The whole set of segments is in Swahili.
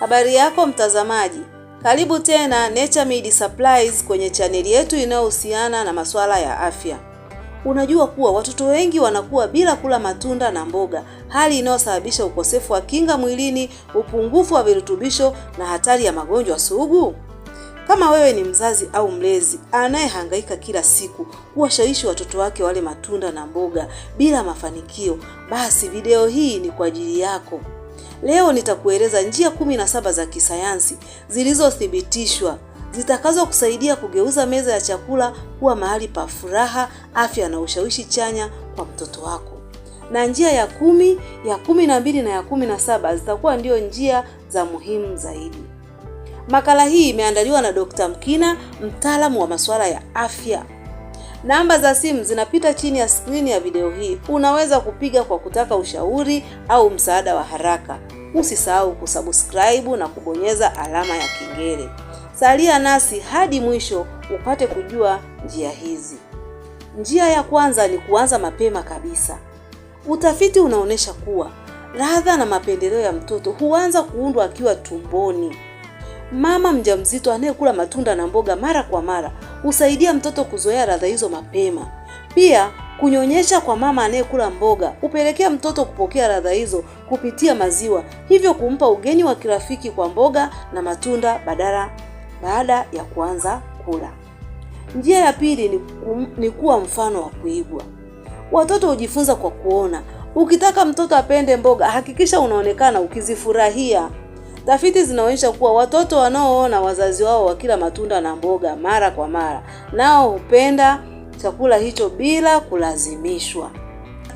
Habari yako mtazamaji, karibu tena Naturemed Supplies kwenye chaneli yetu inayohusiana na masuala ya afya. Unajua kuwa watoto wengi wanakuwa bila kula matunda na mboga, hali inayosababisha ukosefu wa kinga mwilini, upungufu wa virutubisho na hatari ya magonjwa sugu. Kama wewe ni mzazi au mlezi anayehangaika kila siku kuwashawishi watoto wake wale matunda na mboga bila mafanikio, basi video hii ni kwa ajili yako. Leo nitakueleza njia kumi na saba za kisayansi zilizothibitishwa kusaidia kugeuza meza ya chakula kuwa mahali pa furaha, afya na ushawishi chanya kwa mtoto wako. Na njia ya kumi, ya kumi na mbili na ya kumi na saba zitakuwa ndio njia za muhimu zaidi. Makala hii imeandaliwa na Dr. Mkina, mtaalamu wa masuala ya afya. Namba za simu zinapita chini ya skrini ya video hii. Unaweza kupiga kwa kutaka ushauri au msaada wa haraka. Usisahau kusubscribe na kubonyeza alama ya kengele. Salia nasi hadi mwisho upate kujua njia hizi. Njia ya kwanza ni kuanza mapema kabisa. Utafiti unaonyesha kuwa ladha na mapendeleo ya mtoto huanza kuundwa akiwa tumboni. Mama mjamzito anayekula matunda na mboga mara kwa mara husaidia mtoto kuzoea ladha hizo mapema. Pia kunyonyesha kwa mama anayekula mboga hupelekea mtoto kupokea ladha hizo kupitia maziwa, hivyo kumpa ugeni wa kirafiki kwa mboga na matunda badala baada ya kuanza kula. Njia ya pili ni, kum, ni kuwa mfano wa kuigwa. Watoto hujifunza kwa kuona. Ukitaka mtoto apende mboga, hakikisha unaonekana ukizifurahia. Tafiti zinaonyesha kuwa watoto wanaoona wazazi wao wakila matunda na mboga mara kwa mara, nao hupenda chakula hicho bila kulazimishwa.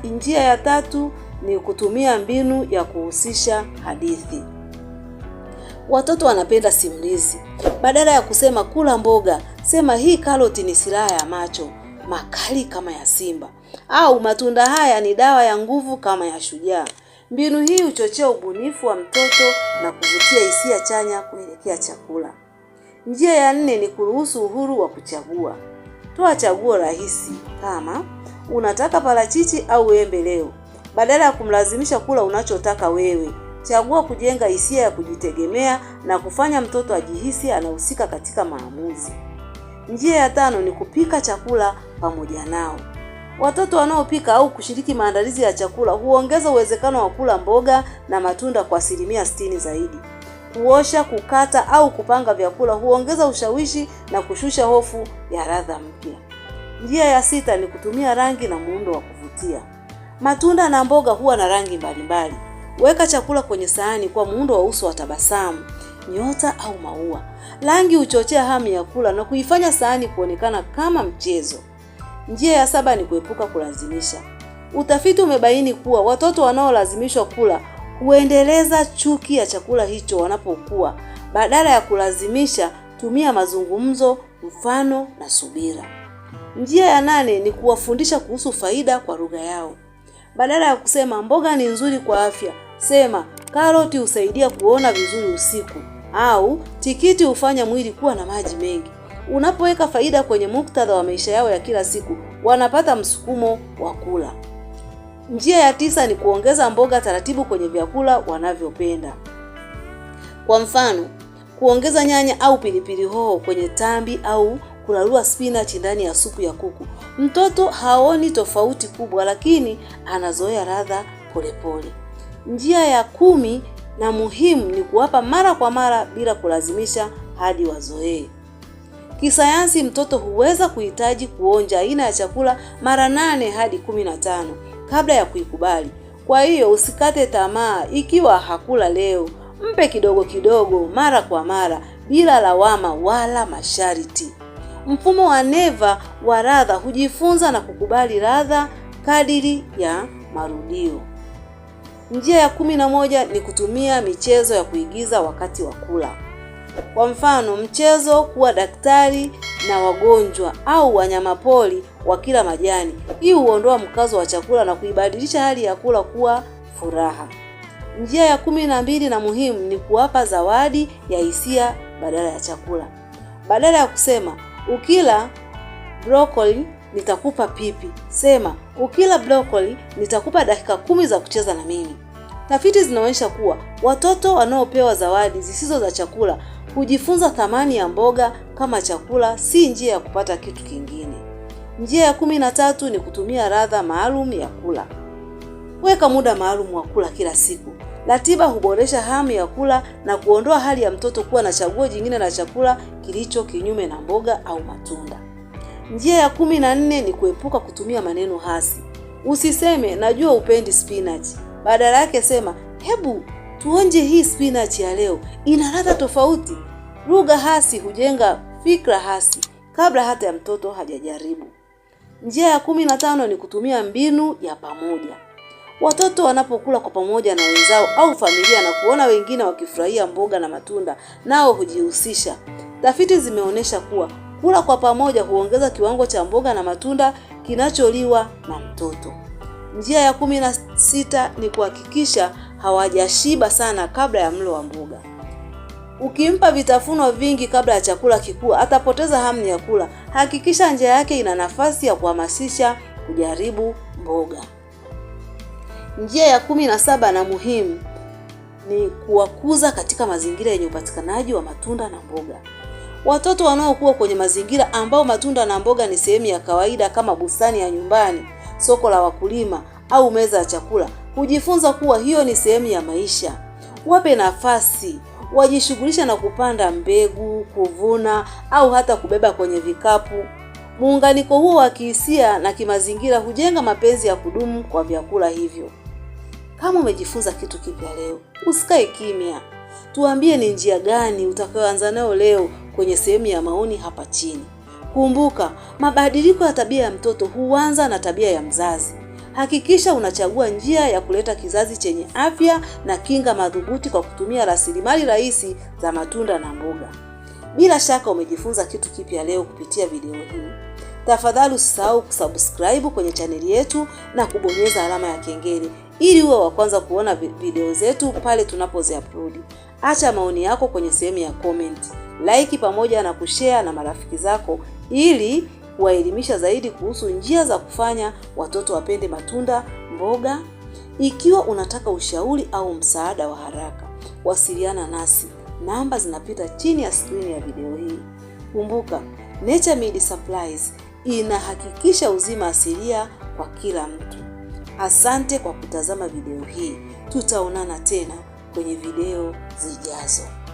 Njia ya tatu ni kutumia mbinu ya kuhusisha hadithi. Watoto wanapenda simulizi. Badala ya kusema kula mboga, sema hii karoti ni silaha ya macho makali kama ya simba, au matunda haya ni dawa ya nguvu kama ya shujaa. Mbinu hii huchochea ubunifu wa mtoto na kuvutia hisia chanya kuelekea chakula. Njia ya nne ni kuruhusu uhuru wa kuchagua. Toa chaguo rahisi kama unataka parachichi au embe leo, badala ya kumlazimisha kula unachotaka wewe. Chagua kujenga hisia ya kujitegemea na kufanya mtoto ajihisi anahusika katika maamuzi. Njia ya tano ni kupika chakula pamoja nao. Watoto wanaopika au kushiriki maandalizi ya chakula huongeza uwezekano wa kula mboga na matunda kwa asilimia sitini zaidi. Kuosha, kukata au kupanga vyakula huongeza ushawishi na kushusha hofu ya ladha mpya. Njia ya sita ni kutumia rangi na muundo wa kuvutia. Matunda na mboga huwa na rangi mbalimbali. Weka chakula kwenye sahani kwa muundo wa uso wa tabasamu, nyota au maua. Rangi huchochea hamu ya kula na kuifanya sahani kuonekana kama mchezo. Njia ya saba ni kuepuka kulazimisha. Utafiti umebaini kuwa watoto wanaolazimishwa kula huendeleza chuki ya chakula hicho wanapokuwa. Badala ya kulazimisha, tumia mazungumzo, mfano na subira. Njia ya nane ni kuwafundisha kuhusu faida kwa lugha yao. Badala ya kusema mboga ni nzuri kwa afya, sema karoti husaidia kuona vizuri usiku, au tikiti hufanya mwili kuwa na maji mengi. Unapoweka faida kwenye muktadha wa maisha yao ya kila siku, wanapata msukumo wa kula. Njia ya tisa ni kuongeza mboga taratibu kwenye vyakula wanavyopenda. Kwa mfano, kuongeza nyanya au pilipili hoho kwenye tambi au kulalua spinach ndani ya supu ya kuku. Mtoto haoni tofauti kubwa, lakini anazoea ladha polepole. Njia ya kumi na muhimu ni kuwapa mara kwa mara bila kulazimisha hadi wazoee. Kisayansi, mtoto huweza kuhitaji kuonja aina ya chakula mara nane hadi kumi na tano kabla ya kuikubali. Kwa hiyo usikate tamaa ikiwa hakula leo, mpe kidogo kidogo, mara kwa mara, bila lawama wala masharti. Mfumo wa neva wa radha hujifunza na kukubali radha kadiri ya marudio. Njia ya kumi na moja ni kutumia michezo ya kuigiza wakati wa kula. Kwa mfano, mchezo kuwa daktari na wagonjwa au wanyamapori kila majani. Hii huondoa mkazo wa chakula na kuibadilisha hali ya kula kuwa furaha. Njia ya kumi na mbili na muhimu ni kuwapa zawadi ya hisia badala ya chakula. Badala ya kusema ukila brokoli nitakupa pipi, sema ukila brokoli nitakupa dakika kumi za kucheza na mimi. Tafiti zinaonyesha kuwa watoto wanaopewa zawadi zisizo za chakula Kujifunza thamani ya mboga kama chakula si njia ya kupata kitu kingine. Njia ya kumi na tatu ni kutumia radha maalum ya kula. Weka muda maalum wa kula kila siku. Ratiba huboresha hamu ya kula na kuondoa hali ya mtoto kuwa na chaguo jingine la chakula kilicho kinyume na mboga au matunda. Njia ya kumi na nne ni kuepuka kutumia maneno hasi. Usiseme najua upendi spinach, badala yake sema hebu Tuonje hii spinach ya leo, ina ladha tofauti. Lugha hasi hujenga fikra hasi kabla hata ya mtoto hajajaribu. Njia ya kumi na tano ni kutumia mbinu ya pamoja. Watoto wanapokula kwa pamoja na wenzao au familia na kuona wengine wakifurahia mboga na matunda, nao hujihusisha. Tafiti zimeonyesha kuwa kula kwa pamoja huongeza kiwango cha mboga na matunda kinacholiwa na mtoto. Njia ya kumi na sita ni kuhakikisha hawajashiba sana kabla ya mlo wa mboga. Ukimpa vitafunwa vingi kabla ya chakula kikuu, atapoteza hamu ya kula. Hakikisha njia yake ina nafasi ya kuhamasisha kujaribu mboga. Njia ya kumi na saba na muhimu ni kuwakuza katika mazingira yenye upatikanaji wa matunda na mboga. Watoto wanaokuwa kwenye mazingira ambao matunda na mboga ni sehemu ya kawaida kama bustani ya nyumbani soko la wakulima au meza ya chakula, kujifunza kuwa hiyo ni sehemu ya maisha. Wape nafasi wajishughulisha na kupanda mbegu, kuvuna au hata kubeba kwenye vikapu. Muunganiko huo wa kihisia na kimazingira hujenga mapenzi ya kudumu kwa vyakula hivyo. Kama umejifunza kitu kipya leo, usikae kimya. Tuambie ni njia gani utakayoanza nayo leo kwenye sehemu ya maoni hapa chini. Kumbuka, mabadiliko ya tabia ya mtoto huanza na tabia ya mzazi. Hakikisha unachagua njia ya kuleta kizazi chenye afya na kinga madhubuti kwa kutumia rasilimali rahisi za matunda na mboga. Bila shaka umejifunza kitu kipya leo kupitia video hii. Tafadhali usisahau kusubscribe kwenye chaneli yetu na kubonyeza alama ya kengele ili uwe wa kwanza kuona video zetu pale tunapoziupload. Acha maoni yako kwenye sehemu ya comment, like pamoja na kushare na marafiki zako ili kuwaelimisha zaidi kuhusu njia za kufanya watoto wapende matunda, mboga. Ikiwa unataka ushauri au msaada wa haraka, wasiliana nasi, namba zinapita chini ya skrini ya video hii. Kumbuka, Naturemed Supplies inahakikisha uzima asilia kwa kila mtu. Asante kwa kutazama video hii, tutaonana tena kwenye video zijazo.